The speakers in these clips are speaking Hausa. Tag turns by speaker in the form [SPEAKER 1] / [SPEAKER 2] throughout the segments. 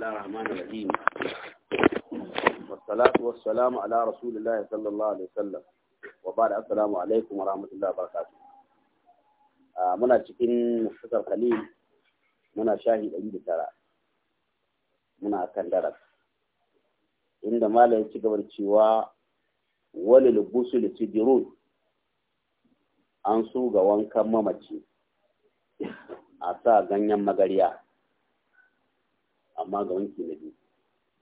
[SPEAKER 1] الله الرحمن الرحيم والصلاة والسلام على رسول الله صلى الله عليه وسلم وبعد السلام عليكم ورحمة muna cikin mufasar khalil muna shahi ɗari da tara muna kan daras inda mala ya ci gabar cewa wani lubusu da sidirun an su ga wankan mamaci a sa ganyen magarya. amma ga wanki na biyu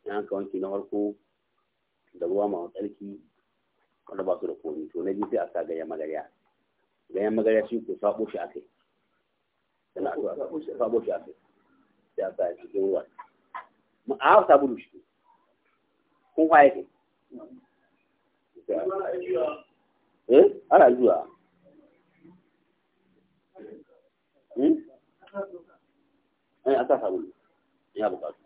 [SPEAKER 1] in an ka wanki na farko da ruwa masu tsarki wanda ba su da komi to na biyu sai a sa ganyen magarya ganyen magarya shi ko sabo shi akai kai a sabo shi akai sai a sa cikin ruwa a hau sabulu shi kun kwaye kai eh ana zuwa hmm? eh a sa sabulu ya bukatu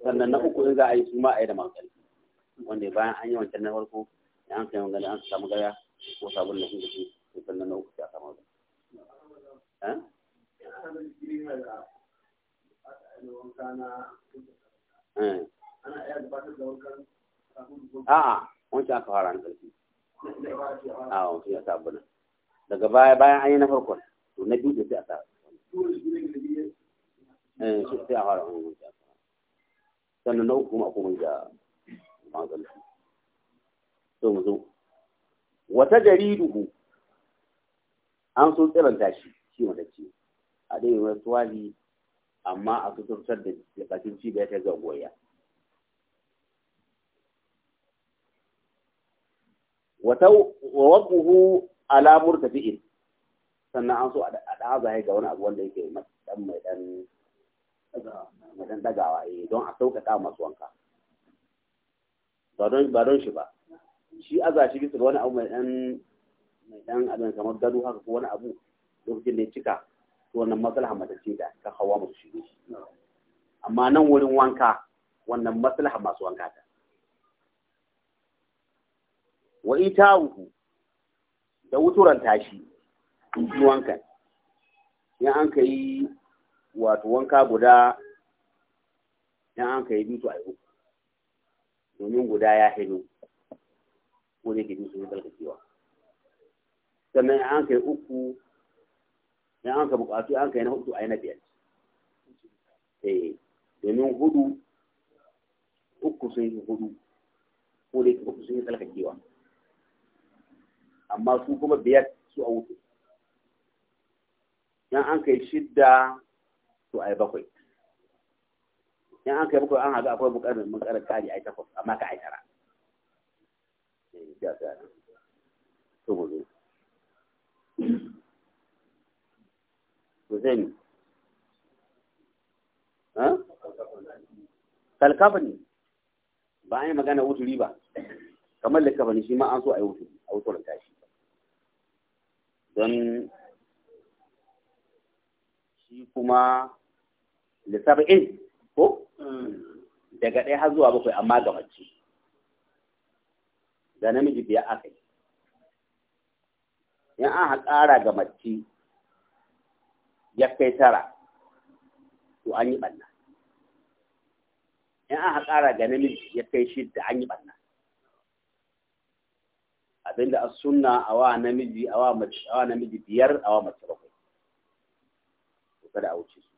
[SPEAKER 1] sannan na uku in za a yi su ma a yi da masu ƙarfi wanda bayan an yi wancan na farko ya an kai magana an samu gaya ko sabon na inda shi sannan na uku sai samu gaya. Eh? Eh. A'a, wancan aka fara na ƙarfi. A'a, wancan ya sabu na Daga baya bayan an yi na farkon, to na biyu da sai a sa. Eh, sai a fara wani wancan. sannan na uku ma mai da magana. so mu zo wata jaridu an so tashi shi shi matacce a dai wani tuwali amma a suturtar da bakin cibiya ta ga goya wata wabuhu alamur tafi'in sannan an so a ɗaza ga wani abu wanda yake dan mai dan wajen dagawa eh don a sauƙaƙa masu wanka ba don shi ba shi aza shi bisa wani abu mai ɗan abin kamar gado haka ko wani abu lokacin da cika to wannan maslaha matacce da ka hawa musu shige shi amma nan wurin wanka wannan maslaha masu wanka ta wa ita uku da wuturan tashi shi wankan in an ka yi wato wanka guda in an ka yi bitu a yi domin guda ya hino ko da ke bitu ne tsarkakewa sannan in an ka yi uku in an ka bukatu an ka yi na hudu a yi na biyar eh, domin hudu uku sun yi hudu ko da ke uku sun yi tsarkakewa amma su kuma biyar su a wuce in an kai shidda to ai bakwai in an kai bakwai an haɗu akwai mun mukarar kari ai takwas amma ka ai tara eh, to mu zo to sai ni ha kalkafani ba an yi magana wuturi ba kamar likafani shi ma an so a yi wuturi a wuturin tashi don shi kuma lisab'in ko mm. daga ɗaya har zuwa bakwai amma ga mace da namiji biya aka yi in an haƙara ga mace ya kai tara to an yi ɓanna in an haƙara ga namiji ya kai shidda an yi ɓanna abinda a suna a wa namiji a wa biyar a wa mace bakwai kada a wuce su.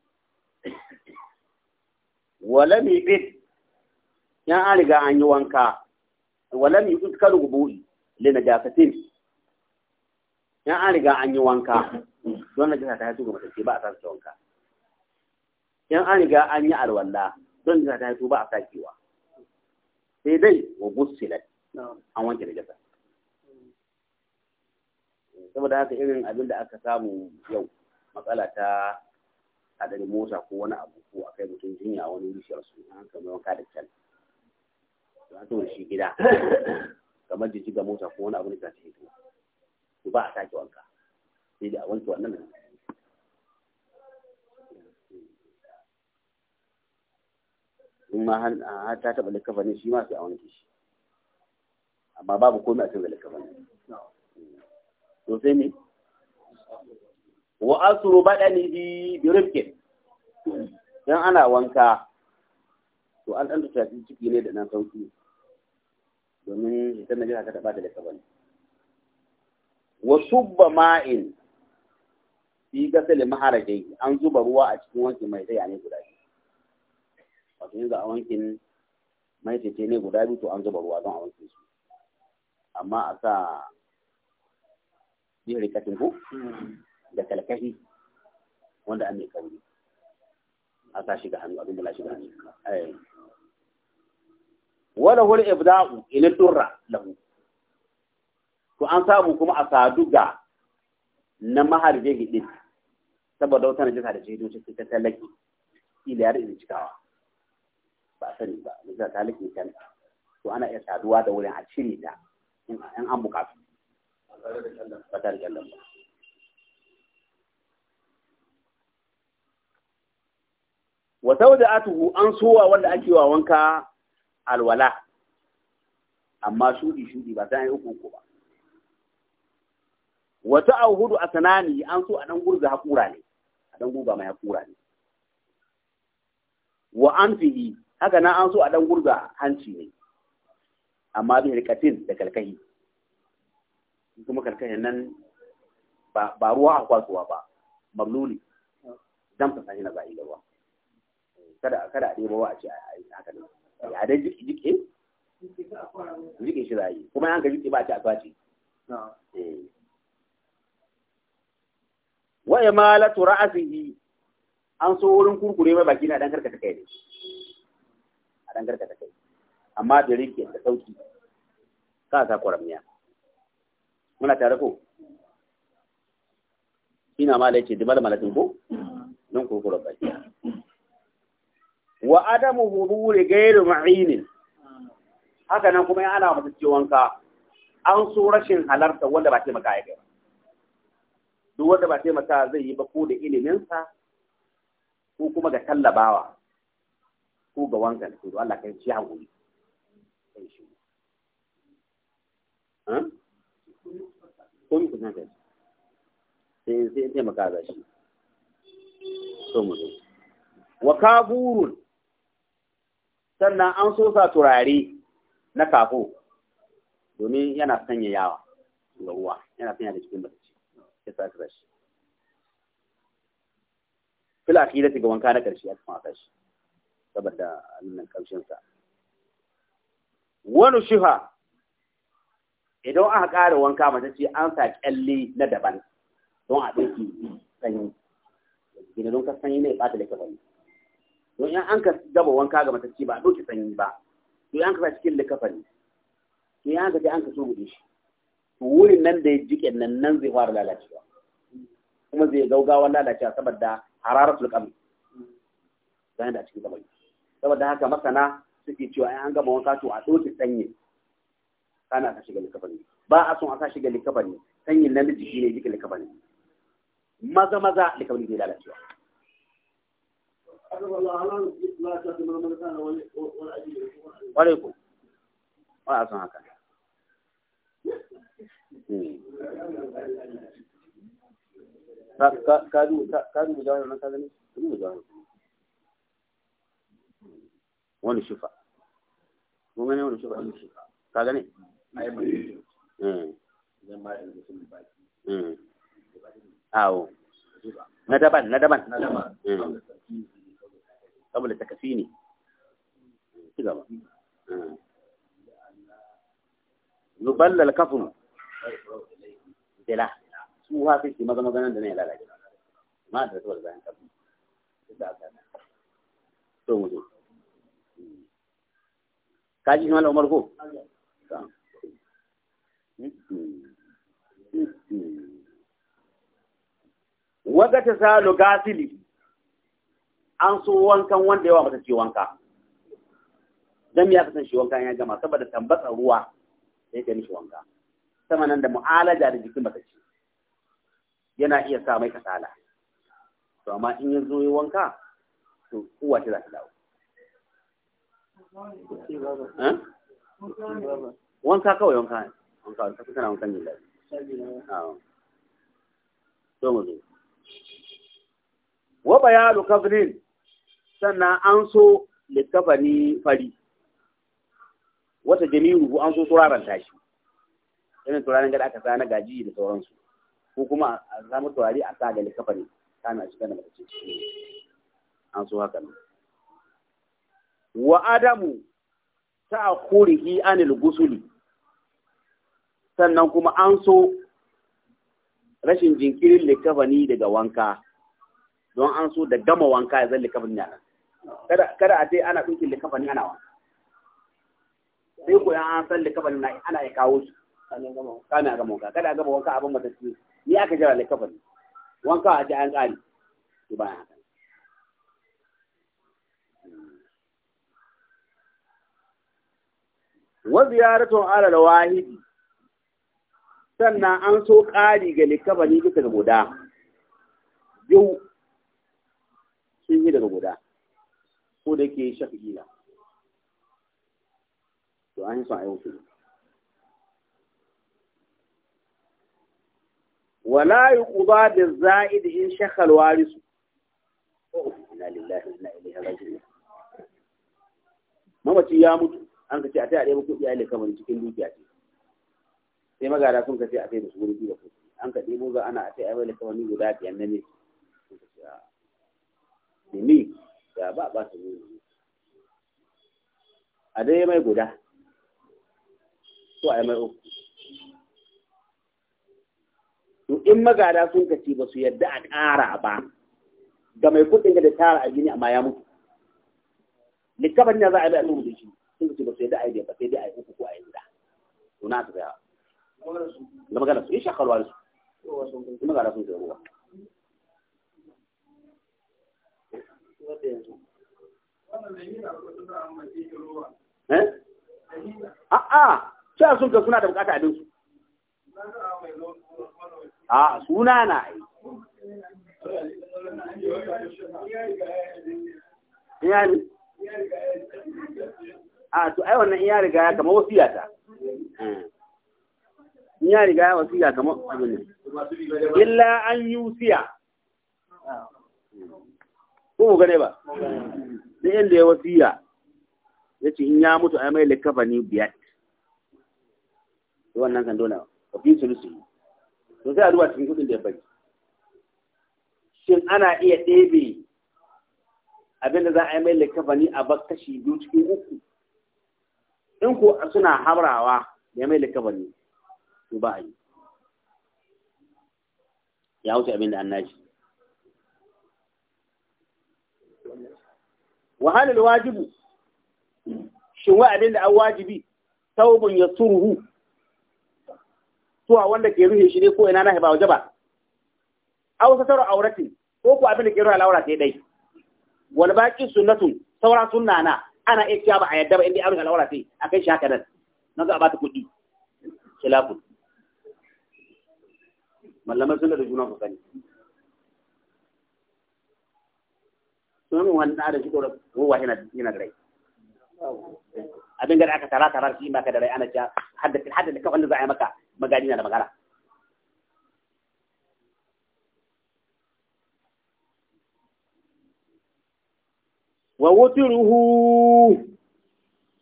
[SPEAKER 1] wala mi bit ya an an yi wanka wala mi bit kar gubu'i li najasatin ya an an yi wanka don najasa ta haitu ga ba a sa wanka ya an an yi alwala don najasa ta haitu ba a sakewa sai dai wa gussilat an wanke najasa saboda haka irin abin da aka samu yau matsala ta hadarin mota ko wani abu ko a kai mutum jinya wani wuciyar su an kama wanka da can to an wani shi gida kamar jiji ga mota ko wani abu ne za ta hito to ba a sake wanka sai da a wanke wannan in ma har ta taɓa ne shi ma sai a wanke shi amma babu komai a cikin likafa ne. sai ne wa asru badanihi bi rifqin dan ana wanka to an dan tafi ciki ne da nan sauki domin idan na haka ta taba da daga wa subba ma'in fi gasali maharajai an zuba ruwa a cikin wankin mai tsaya ne guda biyu wato yanzu a wankin mai tsaye ne guda biyu to an zuba ruwa don a wankin su amma a sa bihar katin ku da kalkahi wanda an yi kauri a sa shiga hannu abin da na shiga hannu eh. wala hul ibda'u ila durra lahu to an samu kuma a ga na maharbe gidi saboda wata najisa da jido ce ta talaki ila yar irin cikawa ba sani ba najisa ta talaki kan to ana iya saduwa da wurin a cire ta in an bukatu ba tare da kallon ba wa sauda'atuhu an suwa wanda ake wa wanka alwala amma shudi shudi ba yi uku uku ba wa ta'awhudu asnani an so a dan gurza hakura ne a dan guga mai hakura ne wa anfihi haka na an so a dan gurza hanci ne amma bi rikatin da kalkahi kuma kalkahi nan ba ruwa a kwasuwa ba mabluli dan fasahi na zai da ruwa kada kada a ba a ce a haka ne a dai jiki jike jike shi za a yi kuma an ka jike ba a ce a kwace eh. wa imalatu ra'sihi an so wurin kurkure mai baki na dan karkata kai ne a dan karkata kai amma da rike da sauki ka sa kwaramiya muna tare ko ina ma da yake dimar malakin ko don kurkure baki wa adamu huduri gairu ma'inin haka nan kuma ana masa ciwonka an so rashin halarta wanda ba taimaka ya gaba duk wanda ba taimaka zai yi ba ko da iliminsa ko kuma ga tallabawa ko ga wanka da So Allah kai ciya guri kai shi ko mi kusan sai sai taimaka za shi to mu wa kaburun sannan an so sa turare na kafo domin yana sanya yawa ga uwa yana sanya da cikin mace ya sa ka shi fil akhirati shiga wanka na karshe ya kuma kashi saboda annan karshen sa wani shiha idan aka ƙara wanka mace ce an sa kyalle na daban don a ɗauki sanyi gina don ka sanyi ne ba ta da ne don in an ka gaba wanka ga matacce ba a ɗauki sanyi ba to in an ka sa cikin likafa ne to in an ka sai an ka so gude shi to wurin nan da ya jiƙe nan nan zai fara lalacewa kuma zai gaugawa lalacewa saboda hararatul qabr dan da cikin gaba saboda haka masana suke cewa in an gama wanka to a ɗauki sanyi kana a shiga likafa ne ba a son a sa shiga likafa ne sanyin nan da jiki ne jiki likafa ne maza maza likafa ne zai lalacewa Wani shufa. Mun gani wani shufa wani shufa. Ka gani? Hmm. Hmm. Awo. Na daban, na daban. Na daban. Hmm. saboda takafi ne ci gaba zuballal an so wankan wanda yawa mata ce wanka dan ya kasan shi wanka ya gama saboda tambatsa ruwa sai ta mishi wanka sama nan da mu'alaja da jikin mata ce yana iya sa mai kasala to amma in ya zo wanka to uwa ta za ta dawo wanka kawai wanka ne wanka ta kusa na wankan yin lafi to mu zo wa bayanu kafirin sannan an so likafani fari wata jami'u an so turaren tashi irin turaren gada aka sa na gaji da sauransu ko kuma a samu turare a sa ga likafani kana cikin da mace an so haka nan wa adamu ta ta'khurihi anil gusuli sannan kuma an so rashin jinkirin likafani daga wanka don an so da gama wanka ya zan likafani nan kada a ce ana ɗinkin likafani ana wa sai ko an san kafa na ana ya kawo su kana a gama wanka kada a wanka abin matattu ni aka jira likafani wanka a ji an kare to ba haka wa ziyaratu ala wahidi sannan an so ƙari ga likafani bisa ga guda biyu sun yi daga guda ko da yake shafi to an yi son a wala yi kuba da za'id in shakal warisu ina lillahi ina ilaihi raji'un mamaci ya mutu an ka ce a taya ɗaya kuɗi kamar cikin dukiya ce sai magara sun kace a taya su wuri da kuɗi an ka ɗebo za ana a taya mai kamar guda biyar na ne sun ya ba ba su nuna a dai mai guda ko a mai uku to in magada sun kaci ba su yadda a ƙara ba ga mai kuɗin da tara a gini amma ya mutu likafan ne za a yi a da shi sun kaci ba su yadda a yi ba sai dai a yi uku ko a yi guda to na ta yawa na magana su yi shakarwa su in magada sun kai ruwa watsar da yanzu eh? a'a cewa sun ka suna da bukata abinsu a suna na iyali a to ai wannan iya riga ya kama wasiya ta eh. iya riga ya wasiya kama abin illa an yusiya ko gane ba sai inda ya wasiya ya ce in ya mutu a mai likafani biyar wannan kan dole ka fi sulusi to sai a duba cikin kudin da ya bari shin ana iya ɗebe abinda za a yi mai ne a bar kashi biyu cikin uku in ko suna hamrawa da mai likafani to ba a yi ya wuce abinda an nashi وهل wajibu شنو wa abin da an wajibi saubun ya suruhu suwa wanda ke ruhe shi ne ko ina na ba waje a wasu sauran ko ku abin da ke ruhe al'aura sai dai wal baqi sunnatun saura sunna na ana iya cewa ba a yadda ba inda an ruhe al'aura sai akai shi haka nan nan za a bata kuɗi khilafun mallamar sunna da juna ku sani sun wani da shi ko ruwa yana yana da rai abin da aka tara tara shi maka da rai ana cewa hadda hadda kafan da za a yi maka magani na da magana wa wuturuhu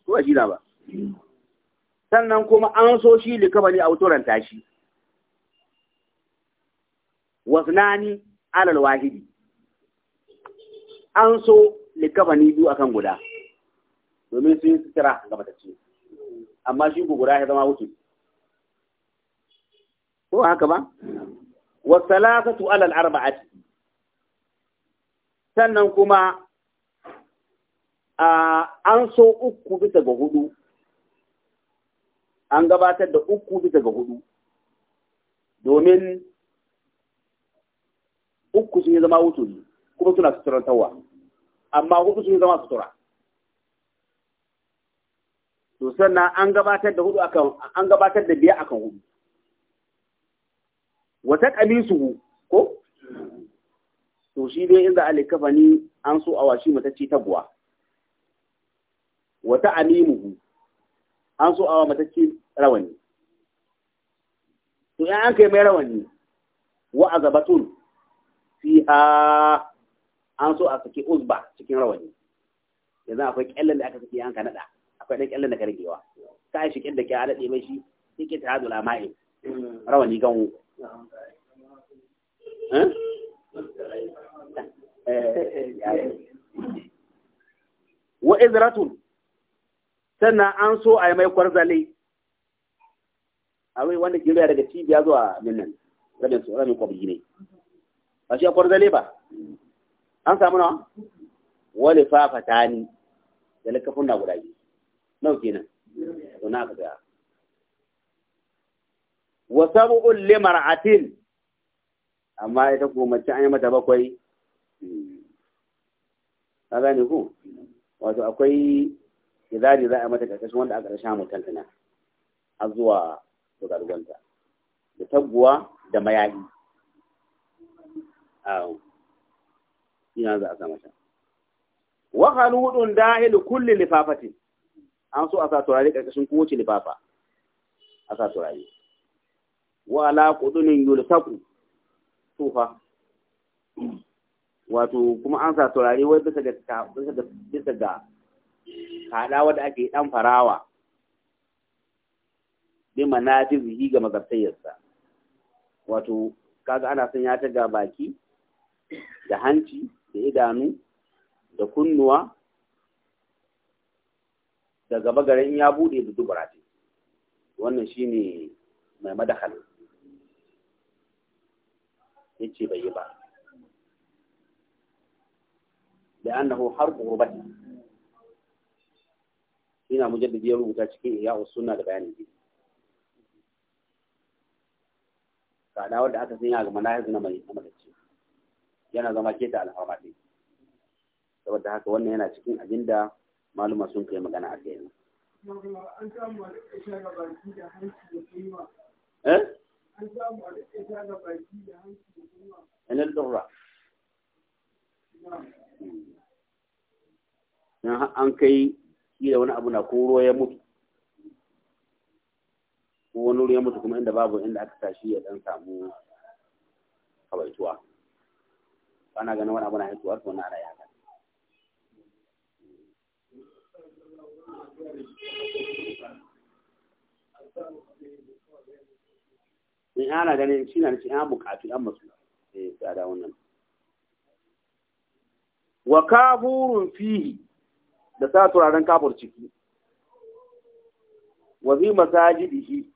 [SPEAKER 1] ko shi da ba sannan kuma an so shi likabani a wuturan tashi wasnani alal wahidi an so likafani biyu akan guda domin su yi sutura ga matacce amma shi ku guda ya zama wuce ko haka ba wasalasatu alal arba'ati sannan kuma an so uku bisa ga hudu an gabatar da uku bisa ga hudu domin uku sun yi zama ne kuma suna suturantarwa amma hudu sun zama sutura to sannan an gabatar da hudu akan an gabatar da biya akan hudu wata kamisu ko to shi dai inda ni an so a washi matacci taguwa wata amimuhu an so a wa ce rawani to in an kai mai rawani wa azabatun fiha an so a saki uzba cikin rawani yanzu akwai kyallan da aka saki an ka nada akwai dan kyallan da ka rigewa ka shi shikin da ke a dade mai shi sai ke tahadu lama'i rawani wu wa izratun sannan an so a yi mai kwarzale abin wanda jiriya daga cibiya zuwa minnan rabin kwabi ne ba shi a kwarzale ba an samu nawa Wani fafata ni da likafin na guda biyu nau nan, to na ka ga wa sab'un li atin, amma ita ta mace an yi mata bakwai A zane ku? wato akwai izari za a mata karkashin wanda aka rasha mutan tana har zuwa garganta, da taguwa da mayayi ina za a sa mata wa hudun dahil kulli lifafatin an so a sa turare karkashin kowace lifafa a sa turare wa ala qudunin yulsaku tufa wato kuma an sa turare wai bisa ga bisa ga bisa ga kada wanda ake dan farawa bi manajizihi ga mazartayyarsa wato kaga ana son ya ta ga baki da hanci da idanu da kunnuwa da gaba garin ya bude da dubara wannan shine mai madakal yace bai yi ba da annahu harbu gurbati ina mujaddidi ya rubuta cikin ya sunna da bayanin ka kada da aka sanya ga manahij na mai amalaci yana zama keta alfarma ɗin saboda haka wannan yana cikin abin da maluma sun kai magana a kai eh an durra an kai kila wani abu na koro ya mutu ko wani ruwa mutu kuma inda babu inda aka tashi ya dan samu habaituwa ana ganin wani abu na haihuwa to na raya haka in ana ganin shi na shi, an bukatu an masu eh sai da wannan wa kafurun fihi da sa turaren kafur ciki wa zi masajidihi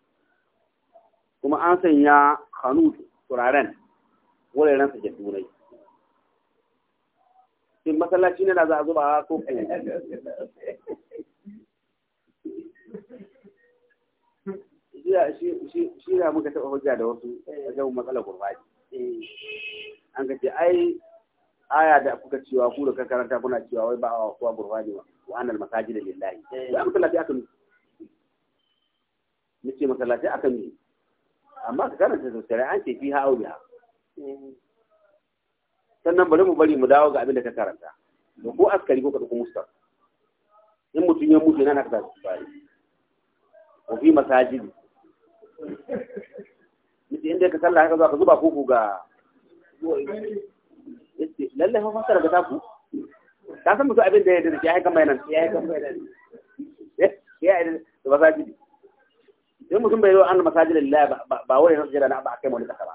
[SPEAKER 1] kuma an sanya hannu turaren wuraren sajadunai in masallaci ne na za a zuba ko jiya shi na muka taɓa hujja da wasu a jabin matsalar gurbaji an ka ce ai aya da kuka cewa ku da karanta kuna cewa wai ba a kuwa gurbaji ba wa annal masajida lillahi ba eh. masallaci akan ce masallaci aka ne amma ka karanta sosai an ce fi ya sannan bari mu bari mu dawo ga abin da ka karanta da ko askari ko ka ɗauko mustar in mutum ya mutu yana na kasa su bari ko fi masajidi mutum inda ka sallah haka zuwa ka zuba koko ga lallai fa fasara ga taku ka san mutum abin da ya dace ya haika mai nan ya haika mai nan ya yi da masajin. sai mutum bai yi wa an masajin lillahi ba wani nasu jira na ba a kai mawani kasa ba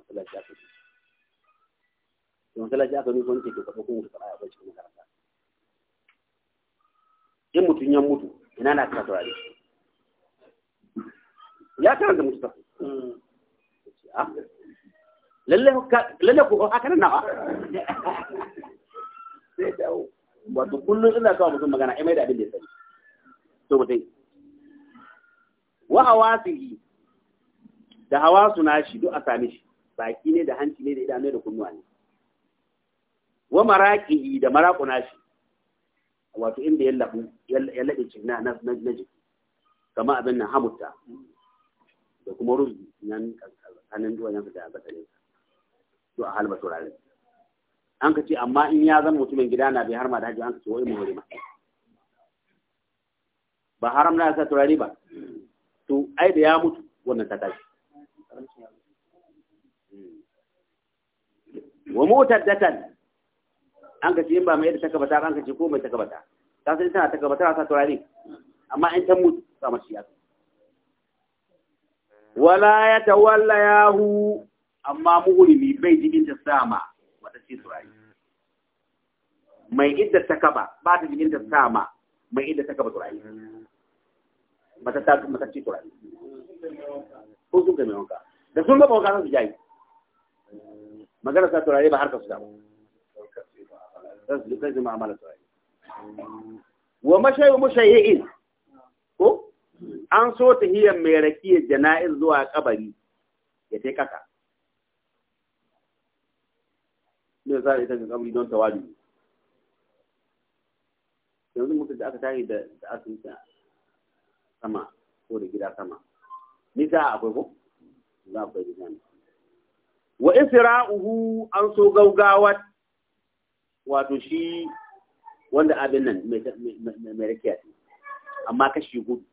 [SPEAKER 1] masallaci aka bi to masallaci aka bi wani ke ke faɗa kuma faɗa a bai cikin makaranta in mutum ya mutu ina na kasa turare ya kara da mutu ta lalle ko haka nan nawa sai dawo wato kullum ina kawo mutum magana ai mai da abin da ya sani to mutai wa hawasihi da hawasu shi duk a same shi baki ne da hanci ne da idanu da kunnuwa ne wa maraƙi da maraƙuna shi wato inda ya labu ya labe cinna na na jiki kama abin nan hamuta da kuma rubi nan kanin duwan yansa da batsalin to a halba turare an ka ce amma in ya zan mutumin gida na bai harma da hajji an ka ce wai mu ma. ba haram na sa turare ba to ai da ya mutu wannan ta tashi wa mutaddatan an ka ce in ba mai yadda ta kabata an ka ce ko mai ta kabata ta sai tana ta kabata ta turare amma in ta mutu ba shi ya wala ya tawalla yahu amma muhulimi bai jikin ta sama wata ce turare mai idda ta kaba ba ta jikin ta sama mai idda ta kaba turare mata ta mata ce turare ko sun ga mai wanka da sun ga wanka sun su jayi magana sa turare ba harkar su da turare wa mashayi mushayyi'in ko an so ta hiyar mai rakiya jana'iz zuwa kabari ya tai kasa ne za a ita kabari don tawali yanzu mutum da aka tashi da asibiti sama ko da gida sama nisa akwai ko za a akwai wa isra'uhu an so gaugawat wato shi wanda abin nan mai rikiya ce amma kashi gudu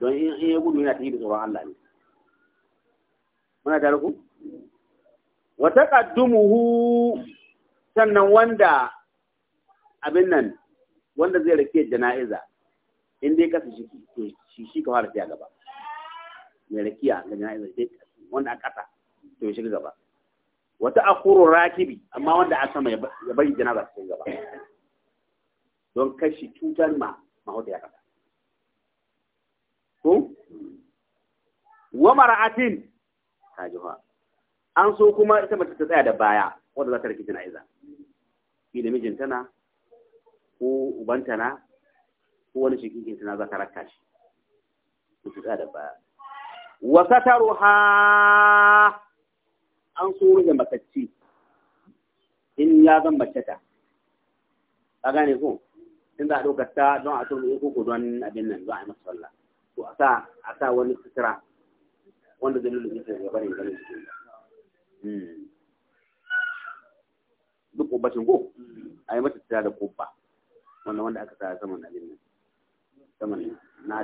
[SPEAKER 1] don in ya gudu yana ta yi da tsoron Allah ne muna tare ku wa taqaddumuhu sannan wanda abin nan wanda zai rike jana'iza in dai kasa shi shi ka fara tiya gaba mai rakiya ga jana'iza sai wanda a kasa to ya shiga gaba wata akuru rakibi amma wanda a sama ya bari janaba cikin gaba don kashi cutar ma mahauta ya kasa ko wa mar'atin kajuha an so kuma ita mace ta tsaya da baya wanda za ta rike iza shi da mijin tana ko uban tana ko wani shikin tana za ta raka shi ta tsaya da baya wa sataruha an suru da matacci in ya zan mace ta ka gane ko in za a ɗaukar ta don a turbe ko don abin nan za a yi masa sallah to a sa a sa wani sutura wanda zai lullu ta ya bari ganin jikin hmm. duk kubbacin ko hmm. a yi mata sutura da kubba wanda wanda aka sa saman abin nan saman na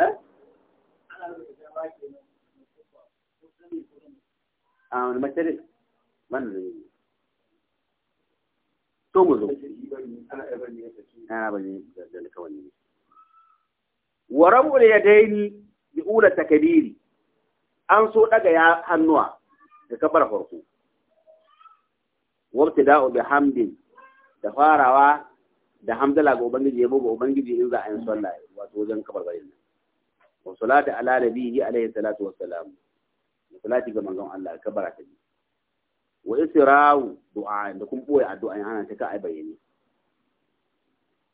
[SPEAKER 1] eh a ah, wani mace ban da to mu zo ana ah, bane da na kawai ne wa rabu da yadaini bi ula takabiri an so daga ya hannuwa da kabar farko wabtida'u bi hamdin da farawa da hamdala ga ubangiji ya buga ubangiji in za a yi sallah wato wajen kabar bayin wa salatu ala nabiyyi alayhi salatu wassalam da salati ga manzon Allah ka baraka ni wa isra'u du'a da kun boye addu'a in ana ta ka ai bayani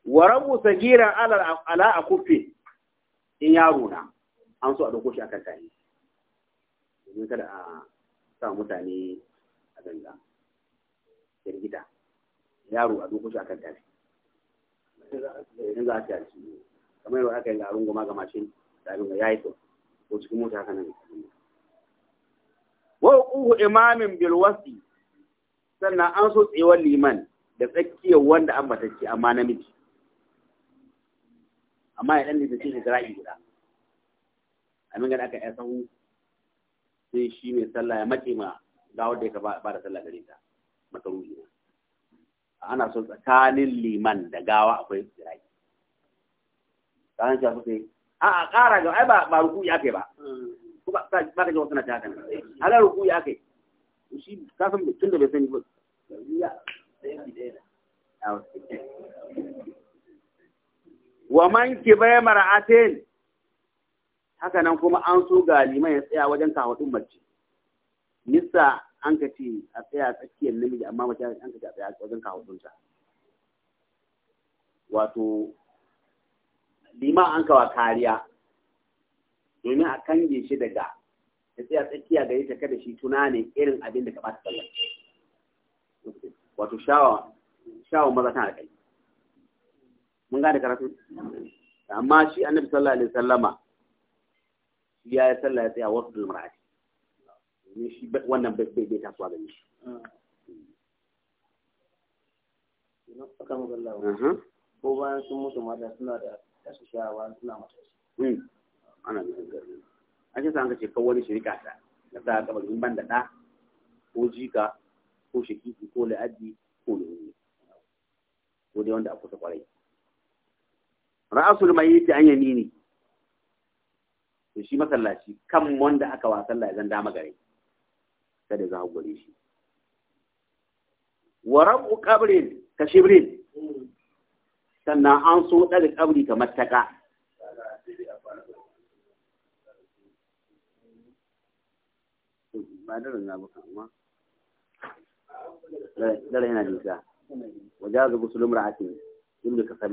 [SPEAKER 1] wa rabu sagira ala ala akufi in yaro na an so a dauko shi akan tani domin kada a sa mutane a ganga firgita yaro a dauko shi akan tani in za a ci a kamar yadda aka yi ga goma ma ga mashin abin ya yi kyau ko cikin mota haka nan wa uquhu imamin bil wasi sannan an so tsewar liman da tsakiyar wanda an batacce amma namiji amma ya dan da cikin zira'i guda amin ga aka yi sahu sai shi mai sallah ya mace ma ga wanda ya ba da sallah gare ta makaruhi na ana so tsakanin liman da gawa akwai zira'i kan ta suka yi A'a, a ƙara ga ai ba ruku'i ake ba hmm. ko ba ka ji wasu na ta hakan ala ruku'i ake shi ka san tun da bai sani ba wa man kibai mar'atin haka nan kuma an so ga liman ya tsaya wajen kahudin mace nisa an ka ce a tsaya tsakiyar namiji amma mace an ka ce a tsaya wajen kahudunta wato liman an kawa kariya domin a kange shi daga ta tsaya tsakiya gari ta kada shi tunanin irin abin da ka bata sallar wato shawa maza tana da kai mun gane karatu amma shi annabi sallallahu alaihi wasallama shi ya yi sallah ya tsaya wasu ake domin shi wannan bai bai tasowa da shi ko bayan sun mutu mata suna da da su sha suna hmm. ana nufin an sa an ce kawai shirika ta da ta gaba in ban da ɗa ko jika ko shakiki ko la'adi ko lori ko dai wanda a kusa kwarai ra'asul mayyit an ne, to shi masallaci kan wanda aka wasan la'azan zan dama gare kada za gure shi wa rabu qabrin ka shibrin hmm. sannan an so ɗaga ƙabri ka taƙa ba da rana ba amma dare yana nisa wajen ga musulun ra'atin yin da kasar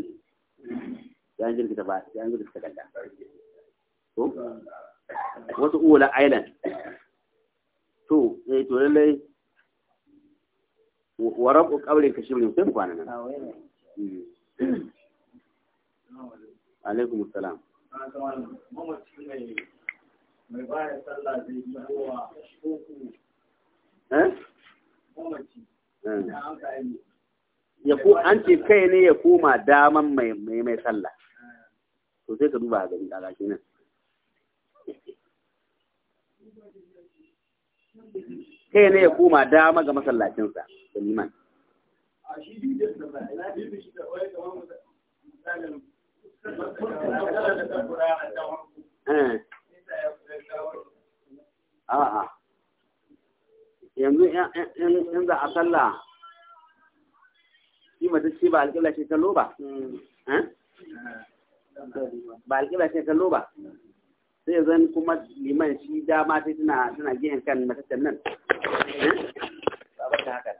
[SPEAKER 1] ya jirgita ba ya ta takarda wasu uwa island to eh to lallai wa rabu kashi kashirin sai kwana nan ah, alaikum salam eh? ya ku an ce kai ne ya koma daman mai mai mai sallah to sai ka duba gari a gashi nan kai ne ya koma dama ga masallacinsa da liman Eh. A'a, yanzu in za a sallah, shi mata ce eh? ba alƙila ce kallo ba? Ba alƙila ce kallo ba? Sai zan kuma liman shi dama ta tana gehen kan matattan nan. Eh? Ba ba ta haka.